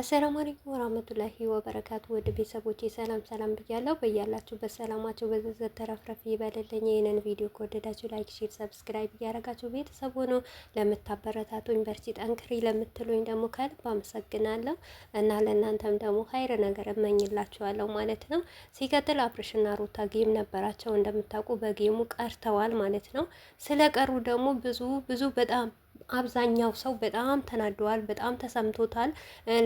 አሰላሙ አለይኩም ወራህመቱላሂ ወበረካቱ። ወደ ቤተሰቦቼ ሰላም ሰላም ብያለሁ። በያላችሁበት በሰላማችሁ በዘዘ ተረፍረፍ ይበልልኝ። ይህንን ቪዲዮ ከወደዳችሁ ላይክ፣ ሼር፣ ሰብስክራይብ እያደረጋችሁ ቤተሰብ ሆኖ ለምታበረታቱኝ በርቺ፣ ጠንክሪ ለምትሉኝ ደግሞ ከልብ አመሰግናለሁ እና ለእናንተም ደግሞ ሀይር ነገር እመኝላችኋለሁ ማለት ነው። ሲቀጥል አብርሽና ሩታ ጌም ነበራቸው እንደምታውቁ፣ በጌሙ ቀርተዋል ማለት ነው። ስለቀሩ ደግሞ ብዙ ብዙ በጣም አብዛኛው ሰው በጣም ተናደዋል፣ በጣም ተሰምቶታል።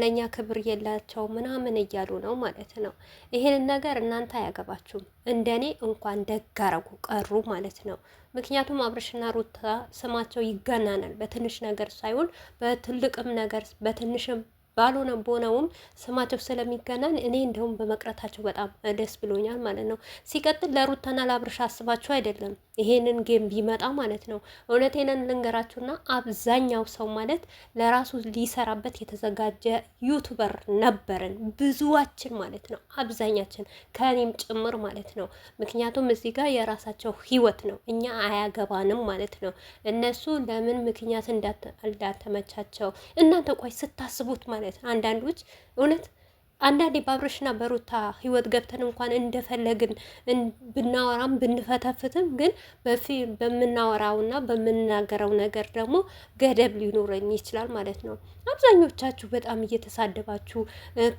ለእኛ ክብር የላቸው ምናምን እያሉ ነው ማለት ነው። ይሄንን ነገር እናንተ አያገባችሁም። እንደኔ እንኳን ደጋረጉ ቀሩ ማለት ነው። ምክንያቱም አብርሽና ሩታ ስማቸው ይገናናል። በትንሽ ነገር ሳይሆን በትልቅም ነገር በትንሽም ባልሆነ በሆነውም ስማቸው ስለሚገናኝ እኔ እንደውም በመቅረታቸው በጣም ደስ ብሎኛል ማለት ነው። ሲቀጥል ለሩታና ለአብርሽ አስባቸው አይደለም ይሄንን ጌም ቢመጣ ማለት ነው። እውነቴንን ልንገራችሁና አብዛኛው ሰው ማለት ለራሱ ሊሰራበት የተዘጋጀ ዩቱበር ነበርን ብዙዋችን ማለት ነው። አብዛኛችን ከኔም ጭምር ማለት ነው። ምክንያቱም እዚህ ጋር የራሳቸው ህይወት ነው፣ እኛ አያገባንም ማለት ነው። እነሱ ለምን ምክንያት እንዳተመቻቸው እናንተ ቆይ ስታስቡት ማለት አንዳንዶች እውነት አንዳንዴ በአብረሽና በሩታ ህይወት ገብተን እንኳን እንደፈለግን ብናወራም ብንፈተፍትም ግን በፊ በምናወራውና በምንናገረው ነገር ደግሞ ገደብ ሊኖረኝ ይችላል ማለት ነው። አብዛኞቻችሁ በጣም እየተሳደባችሁ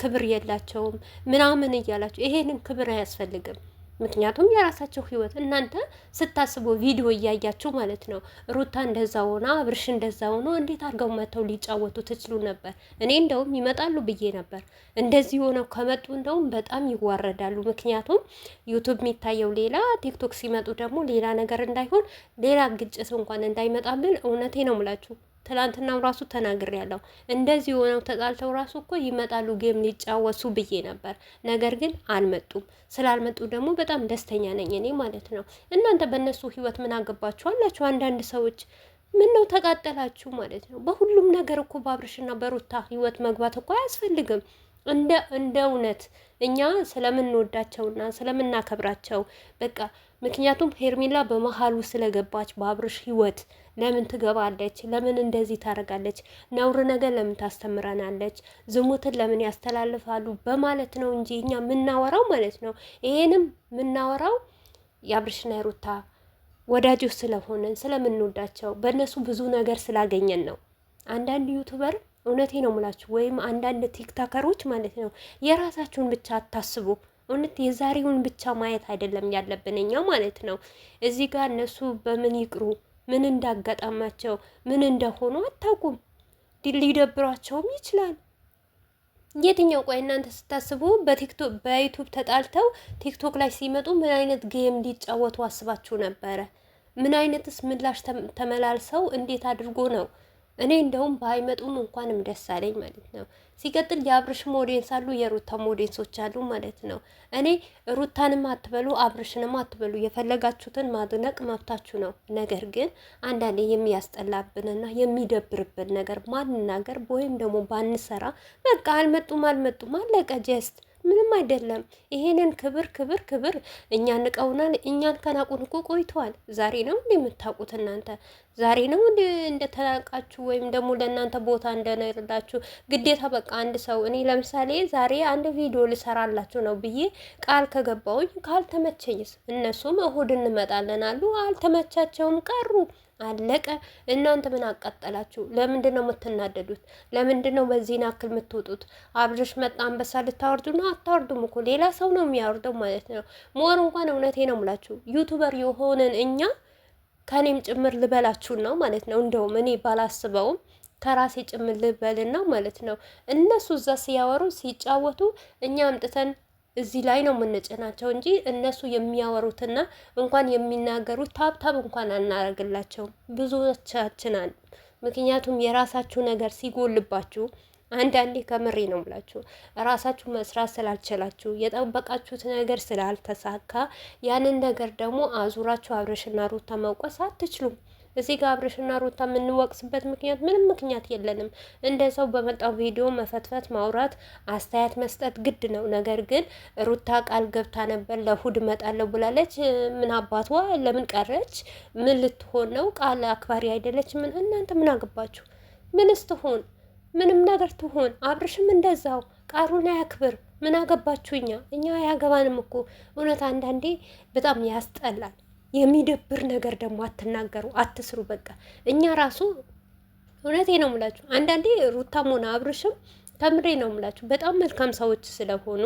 ክብር የላቸውም ምናምን እያላችሁ ይሄንን ክብር አያስፈልግም። ምክንያቱም የራሳቸው ህይወት እናንተ ስታስቡ ቪዲዮ እያያችሁ ማለት ነው። ሩታ እንደዛ ሆና አብርሽ እንደዛ ሆኖ እንዴት አድርገው መጥተው ሊጫወቱ ትችሉ ነበር? እኔ እንደውም ይመጣሉ ብዬ ነበር። እንደዚህ ሆነው ከመጡ እንደውም በጣም ይዋረዳሉ። ምክንያቱም ዩቱብ የሚታየው ሌላ፣ ቲክቶክ ሲመጡ ደግሞ ሌላ ነገር እንዳይሆን ሌላ ግጭት እንኳን እንዳይመጣብን እውነቴ ነው ምላችሁ ትላንትናም ራሱ ተናግር ያለው እንደዚህ ሆነው ተጣልተው ራሱ እኮ ይመጣሉ ጌም ሊጫወሱ ብዬ ነበር። ነገር ግን አልመጡም። ስላልመጡ ደግሞ በጣም ደስተኛ ነኝ እኔ ማለት ነው። እናንተ በእነሱ ህይወት ምን አገባችሁ አላችሁ አንዳንድ ሰዎች ምን ነው ተቃጠላችሁ ማለት ነው። በሁሉም ነገር እኮ በአብርሽና በሩታ ህይወት መግባት እኮ አያስፈልግም። እንደ እንደ እውነት እኛ ስለምንወዳቸውና ስለምናከብራቸው በቃ ምክንያቱም ሄርሜላ በመሀሉ ስለገባች በአብርሽ ህይወት ለምን ትገባለች? ለምን እንደዚህ ታደርጋለች? ነውር ነገር ለምን ታስተምረናለች? ዝሙትን ለምን ያስተላልፋሉ? በማለት ነው እንጂ እኛ የምናወራው ማለት ነው። ይሄንም የምናወራው የአብርሽና የሩታ ወዳጆች ስለሆነን ስለምንወዳቸው በእነሱ ብዙ ነገር ስላገኘን ነው። አንዳንድ ዩቱበር እውነቴ ነው ሙላችሁ ወይም አንዳንድ ቲክታከሮች ማለት ነው የራሳችሁን ብቻ አታስቡ። እውነት የዛሬውን ብቻ ማየት አይደለም ያለብን እኛ ማለት ነው። እዚህ ጋር እነሱ በምን ይቅሩ ምን እንዳጋጠማቸው ምን እንደሆኑ አታውቁም። ሊደብሯቸውም ይችላል። የትኛው ቆይ እናንተ ስታስቡ በቲክቶክ በዩቱብ ተጣልተው ቲክቶክ ላይ ሲመጡ ምን አይነት ጌም ሊጫወቱ አስባችሁ ነበረ? ምን አይነትስ ምላሽ ተመላልሰው እንዴት አድርጎ ነው እኔ እንደውም ባይመጡም እንኳንም ደስ አለኝ ማለት ነው። ሲቀጥል የአብርሽ ሞዴንስ አሉ፣ የሩታ ሞዴንሶች አሉ ማለት ነው። እኔ ሩታንም አትበሉ፣ አብርሽንም አትበሉ፣ የፈለጋችሁትን ማድነቅ መብታችሁ ነው። ነገር ግን አንዳንዴ የሚያስጠላብንና የሚደብርብን ነገር ማንናገር ወይም ደግሞ ባንሰራ፣ በቃ አልመጡም አልመጡም አለቀ ጀስት ምንም አይደለም። ይሄንን ክብር ክብር ክብር እኛን ንቀውናል። እኛን ከናቁን እኮ ቆይተዋል። ዛሬ ነው እንዲ የምታውቁት እናንተ ዛሬ ነው እንዲ እንደተናቃችሁ ወይም ደግሞ ለእናንተ ቦታ እንደነርላችሁ ግዴታ በቃ አንድ ሰው እኔ ለምሳሌ ዛሬ አንድ ቪዲዮ ልሰራላችሁ ነው ብዬ ቃል ከገባውኝ ካልተመቸኝስ እነሱም እሁድ እንመጣለን አሉ። አልተመቻቸውም ቀሩ። አለቀ። እናንተ ምን አቃጠላችሁ? ለምንድን ነው የምትናደዱት? ለምንድን ነው በዚህን አክል የምትወጡት? አብርሽ መጣ አንበሳ ልታወርዱ ነው? አታወርዱም እኮ ሌላ ሰው ነው የሚያወርደው ማለት ነው። ሞር እንኳን እውነቴ ነው ምላችሁ ዩቱበር የሆንን እኛ ከእኔም ጭምር ልበላችሁን ነው ማለት ነው። እንደውም እኔ ባላስበውም ከራሴ ጭምር ልበልን ነው ማለት ነው። እነሱ እዛ ሲያወሩ ሲጫወቱ እኛ አምጥተን እዚህ ላይ ነው የምንጭናቸው እንጂ እነሱ የሚያወሩትና እንኳን የሚናገሩት ታብታብ እንኳን አናደርግላቸውም ብዙዎቻችናል። ምክንያቱም የራሳችሁ ነገር ሲጎልባችሁ አንዳንዴ ከምሬ ነው ብላችሁ ራሳችሁ መስራት ስላልችላችሁ የጠበቃችሁት ነገር ስላልተሳካ ያንን ነገር ደግሞ አዙራችሁ አብረሽና ሩታ መውቀስ አትችሉም። እዚህ ጋር አብርሽና ሩታ የምንወቅስበት ምክንያት ምንም ምክንያት የለንም። እንደ ሰው በመጣው ቪዲዮ መፈትፈት፣ ማውራት፣ አስተያየት መስጠት ግድ ነው። ነገር ግን ሩታ ቃል ገብታ ነበር ለእሑድ እመጣለሁ ብላለች። ምን አባቷ ለምን ቀረች? ምን ልትሆን ነው? ቃል አክባሪ አይደለች። ምን እናንተ ምን አገባችሁ? ምንስ ትሆን? ምንም ነገር ትሆን። አብርሽም እንደዛው ቃሉን አያክብር። ምን አገባችሁ? እኛ እኛ አያገባንም እኮ እውነት። አንዳንዴ በጣም ያስጠላል። የሚደብር ነገር ደግሞ አትናገሩ፣ አትስሩ። በቃ እኛ ራሱ እውነቴ ነው ምላችሁ አንዳንዴ ሩታም ሆነ አብርሽም ከምሬ ነው ምላችሁ በጣም መልካም ሰዎች ስለሆኑ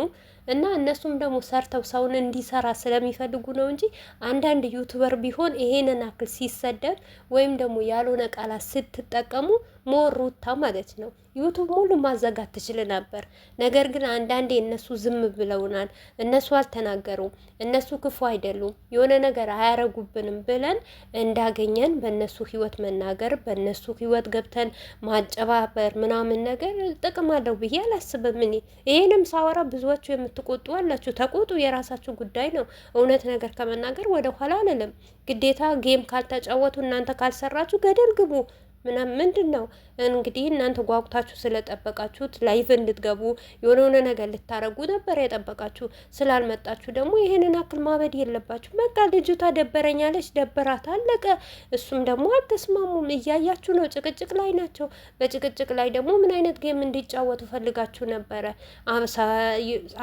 እና እነሱም ደግሞ ሰርተው ሰውን እንዲሰራ ስለሚፈልጉ ነው እንጂ አንዳንድ ዩቱበር ቢሆን ይሄንን አክል ሲሰደብ ወይም ደግሞ ያልሆነ ቃላት ስትጠቀሙ ሞሩታ ማለት ነው ዩቱብ ሙሉ ማዘጋት ትችል ነበር። ነገር ግን አንዳንዴ እነሱ ዝም ብለውናል፣ እነሱ አልተናገሩም፣ እነሱ ክፉ አይደሉም፣ የሆነ ነገር አያረጉብንም ብለን እንዳገኘን በእነሱ ህይወት መናገር በእነሱ ህይወት ገብተን ማጨባበር ምናምን ነገር ጥቅም አለው ብዬ አላስብም። እኔ ይሄንም ሳወራ ብዙዎቹ የምትቆጡ አላችሁ፣ ተቆጡ፣ የራሳችሁ ጉዳይ ነው። እውነት ነገር ከመናገር ወደኋላ አልልም። ግዴታ ጌም ካልተጫወቱ እናንተ ካልሰራችሁ ገደል ግቡ። ምናምን ምንድን ነው እንግዲህ እናንተ ጓጉታችሁ ስለጠበቃችሁት ላይቭ እንድትገቡ የሆነውን ነገር ልታረጉ ነበር የጠበቃችሁ። ስላልመጣችሁ ደግሞ ይህንን አክል ማበድ የለባችሁ። በቃ ልጅቷ ደበረኛለች፣ ደበራት፣ አለቀ። እሱም ደግሞ አልተስማሙም። እያያችሁ ነው፣ ጭቅጭቅ ላይ ናቸው። በጭቅጭቅ ላይ ደግሞ ምን አይነት ጌም እንዲጫወቱ ፈልጋችሁ ነበረ?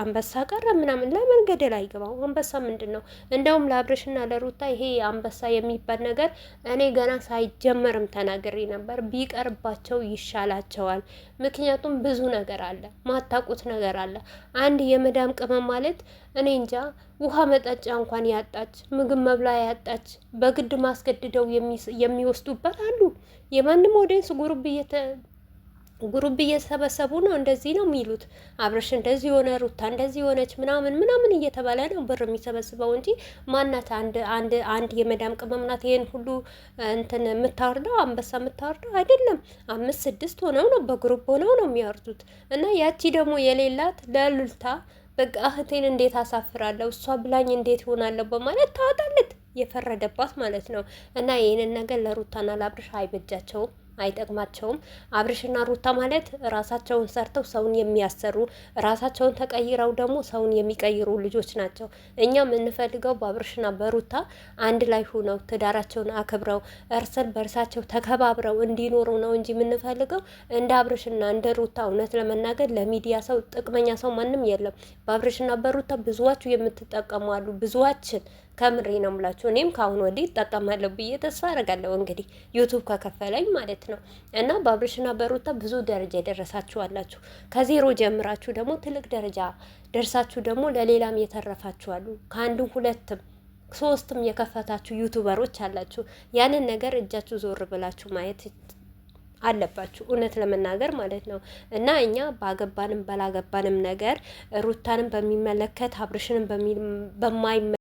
አንበሳ ቀረ ምናምን። ለምን ገደል አይገባው? አንበሳ ምንድን ነው? እንደውም ለአብረሽና ለሩታ ይሄ አንበሳ የሚባል ነገር እኔ ገና ሳይጀመርም ተናገሬ ነበር ቢቀርባቸው ይሻላቸዋል። ምክንያቱም ብዙ ነገር አለ፣ ማታቁት ነገር አለ። አንድ የመዳም ቅመም ማለት እኔ እንጃ ውሃ መጠጫ እንኳን ያጣች፣ ምግብ መብላ ያጣች በግድ ማስገድደው የሚወስዱበት አሉ። የማንም ወደንስ ጉርብ ጉሩብ እየሰበሰቡ ነው። እንደዚህ ነው የሚሉት አብረሽ እንደዚህ የሆነ ሩታ እንደዚህ የሆነች ምናምን ምናምን እየተባለ ነው ብር የሚሰበስበው እንጂ ማናት አንድ አንድ አንድ የመዳም ቅመም ናት ይሄን ሁሉ እንትን የምታወርደው አንበሳ የምታወርደው አይደለም። አምስት ስድስት ሆነው ነው በግሩብ ሆነው ነው የሚያወርዱት። እና ያቺ ደግሞ የሌላት ለሉልታ በቃ እህቴን እንዴት አሳፍራለሁ እሷ ብላኝ እንዴት ይሆናለሁ በማለት ታወጣለት የፈረደባት ማለት ነው። እና ይህንን ነገር ለሩታና ለአብረሽ አይበጃቸውም። አይጠቅማቸውም። አብርሽና ሩታ ማለት ራሳቸውን ሰርተው ሰውን የሚያሰሩ ራሳቸውን ተቀይረው ደግሞ ሰውን የሚቀይሩ ልጆች ናቸው። እኛ የምንፈልገው በአብርሽና በሩታ አንድ ላይ ሁነው ትዳራቸውን አክብረው እርስን በእርሳቸው ተከባብረው እንዲኖሩ ነው እንጂ የምንፈልገው እንደ አብርሽና እንደ ሩታ እውነት ለመናገር ለሚዲያ ሰው ጥቅመኛ ሰው ማንም የለም። በአብርሽና በሩታ ብዙዋችሁ የምትጠቀሙ አሉ ብዙዋችን ከምሬ ነው የምላችሁ። እኔም ከአሁን ወዲህ እጠቀማለሁ ብዬ ተስፋ አደርጋለሁ። እንግዲህ ዩቱብ ከከፈለኝ ማለት ነው። እና በአብርሽና በሩታ ብዙ ደረጃ የደረሳችሁ አላችሁ። ከዜሮ ጀምራችሁ ደግሞ ትልቅ ደረጃ ደርሳችሁ ደግሞ ለሌላም የተረፋችሁ አሉ። ከአንዱ ሁለትም ሶስትም የከፈታችሁ ዩቱበሮች አላችሁ። ያንን ነገር እጃችሁ ዞር ብላችሁ ማየት አለባችሁ እውነት ለመናገር ማለት ነው። እና እኛ ባገባንም ባላገባንም ነገር ሩታንም በሚመለከት አብርሽንም በማይመለከት